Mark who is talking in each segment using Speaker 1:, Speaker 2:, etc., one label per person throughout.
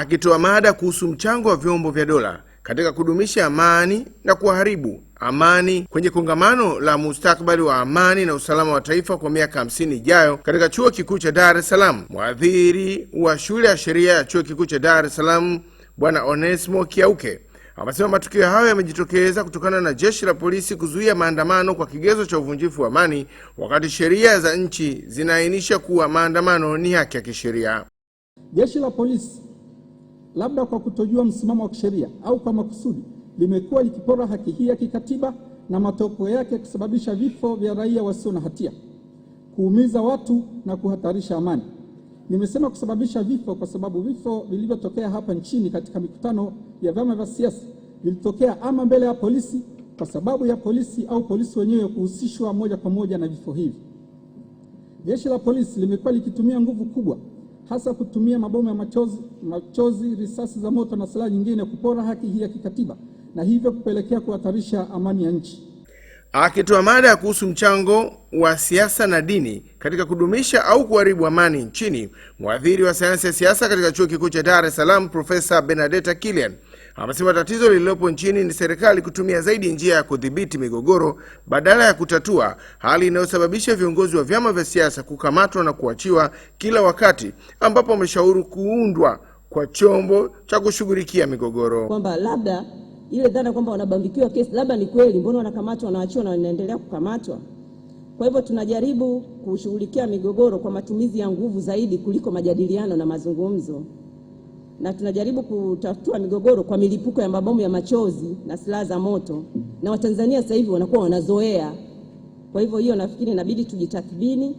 Speaker 1: akitoa mada kuhusu mchango wa vyombo vya dola katika kudumisha amani na kuharibu amani kwenye kongamano la mustakbali wa amani na usalama wa taifa kwa miaka 50 ijayo katika chuo kikuu cha Dar es Salaam. Mwadhiri wa shule ya sheria ya chuo kikuu cha Dar es Salaam Bwana Onesmo Kiauke amesema matukio hayo yamejitokeza kutokana na jeshi la polisi kuzuia maandamano kwa kigezo cha uvunjifu wa amani, wakati sheria za nchi zinaainisha kuwa maandamano ni haki ya kisheria.
Speaker 2: Jeshi la polisi labda kwa kutojua msimamo wa kisheria au kwa makusudi, limekuwa likipora haki hii ya kikatiba na matokeo yake kusababisha vifo vya raia wasio na hatia, kuumiza watu na kuhatarisha amani. Nimesema kusababisha vifo kwa sababu vifo vilivyotokea hapa nchini katika mikutano ya vyama vya siasa vilitokea ama mbele ya polisi kwa sababu ya polisi au polisi wenyewe kuhusishwa moja kwa moja na vifo hivi. Jeshi la polisi limekuwa likitumia nguvu kubwa hasa kutumia mabomu ya machozi, machozi, risasi za moto na silaha nyingine kupora haki hii ya kikatiba na hivyo kupelekea kuhatarisha amani ya nchi.
Speaker 1: Akitoa mada kuhusu mchango wa siasa na dini katika kudumisha au kuharibu amani nchini, mwadhiri wa sayansi ya siasa katika chuo kikuu cha Dar es Salaam Profesa Benadeta Kilian Amesema tatizo lililopo nchini ni serikali kutumia zaidi njia ya kudhibiti migogoro badala ya kutatua, hali inayosababisha viongozi wa vyama vya siasa kukamatwa na kuachiwa kila wakati, ambapo ameshauri kuundwa kwa chombo cha kushughulikia migogoro,
Speaker 3: kwamba labda ile dhana kwamba wanabambikiwa kesi labda ni kweli. Mbona wanakamatwa, wanaachiwa na wanaendelea kukamatwa? Kwa hivyo tunajaribu kushughulikia migogoro kwa matumizi ya nguvu zaidi kuliko majadiliano na mazungumzo na tunajaribu kutatua migogoro kwa milipuko ya mabomu ya machozi na silaha za moto, na Watanzania sasa hivi wanakuwa wanazoea. Kwa hivyo hiyo nafikiri inabidi tujitathmini,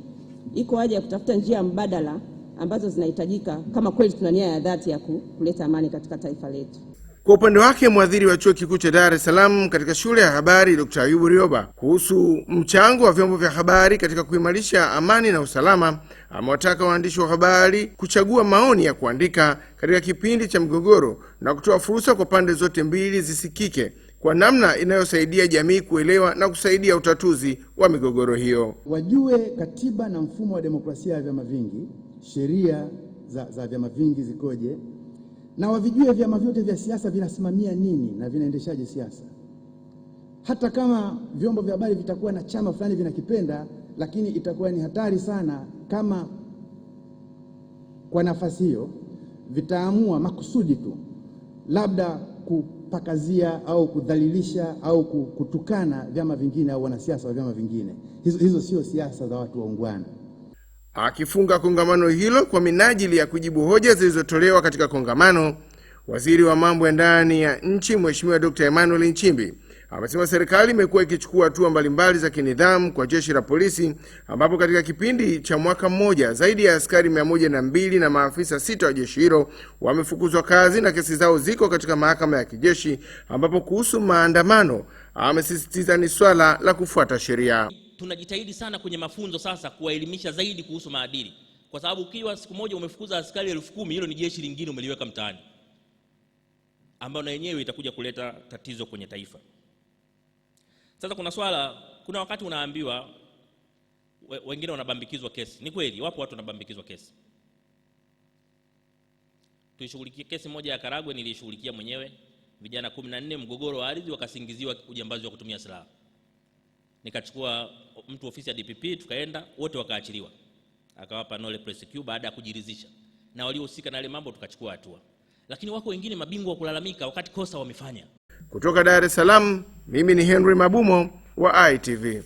Speaker 3: iko haja ya kutafuta njia mbadala ambazo zinahitajika kama kweli tuna nia ya dhati ya kuleta amani katika taifa letu.
Speaker 1: Kwa upande wake mwadhiri wa chuo kikuu cha Dar es Salaam katika shule ya habari Dr. Ayubu Rioba kuhusu mchango wa vyombo vya habari katika kuimarisha amani na usalama amewataka waandishi wa habari kuchagua maoni ya kuandika katika kipindi cha mgogoro na kutoa fursa kwa pande zote mbili zisikike kwa namna inayosaidia jamii kuelewa na kusaidia utatuzi wa migogoro hiyo.
Speaker 2: Wajue katiba na mfumo wa demokrasia ya vyama vingi, sheria za, za vyama vingi zikoje, na wavijue vyama vyote vya siasa vinasimamia nini na vinaendeshaje siasa. Hata kama vyombo vya habari vitakuwa na chama fulani vinakipenda lakini itakuwa ni hatari sana kama kwa nafasi hiyo vitaamua makusudi tu labda kupakazia au kudhalilisha au kutukana vyama vingine au wanasiasa wa vyama vingine. Hizo, hizo sio siasa za watu waungwana.
Speaker 1: Akifunga kongamano hilo kwa minajili ya kujibu hoja zilizotolewa katika kongamano, waziri wa mambo ya ndani ya nchi Mheshimiwa Dr. Emmanuel Nchimbi Amesema serikali imekuwa ikichukua hatua mbalimbali za kinidhamu kwa jeshi la polisi ambapo katika kipindi cha mwaka mmoja zaidi ya askari mia moja na mbili na maafisa sita wa jeshi hilo wamefukuzwa kazi na kesi zao ziko katika mahakama ya kijeshi, ambapo kuhusu maandamano amesisitiza ni swala la kufuata sheria.
Speaker 4: Tunajitahidi sana kwenye mafunzo sasa kuwaelimisha zaidi kuhusu maadili, kwa sababu ukiwa siku moja umefukuza askari elfu kumi hilo ni jeshi lingine umeliweka mtaani, ambayo na yenyewe itakuja kuleta tatizo kwenye taifa. Sasa kuna swala, kuna wakati unaambiwa wengine wanabambikizwa kesi. Ni kweli wapo watu wanabambikizwa kesi. Tulishughulikia kesi moja ya Karagwe, nilishughulikia mwenyewe, vijana 14, mgogoro wa ardhi, wakasingiziwa ujambazi wa kutumia silaha. Nikachukua mtu ofisi ya DPP, tukaenda wote, wakaachiliwa, akawapa nolle prosequi baada ya kujiridhisha, na waliohusika na yale mambo tukachukua hatua. Lakini wako wengine mabingwa wa kulalamika wakati kosa wamefanya.
Speaker 1: Kutoka Dar es Salaam, mimi ni Henry Mabumo wa ITV.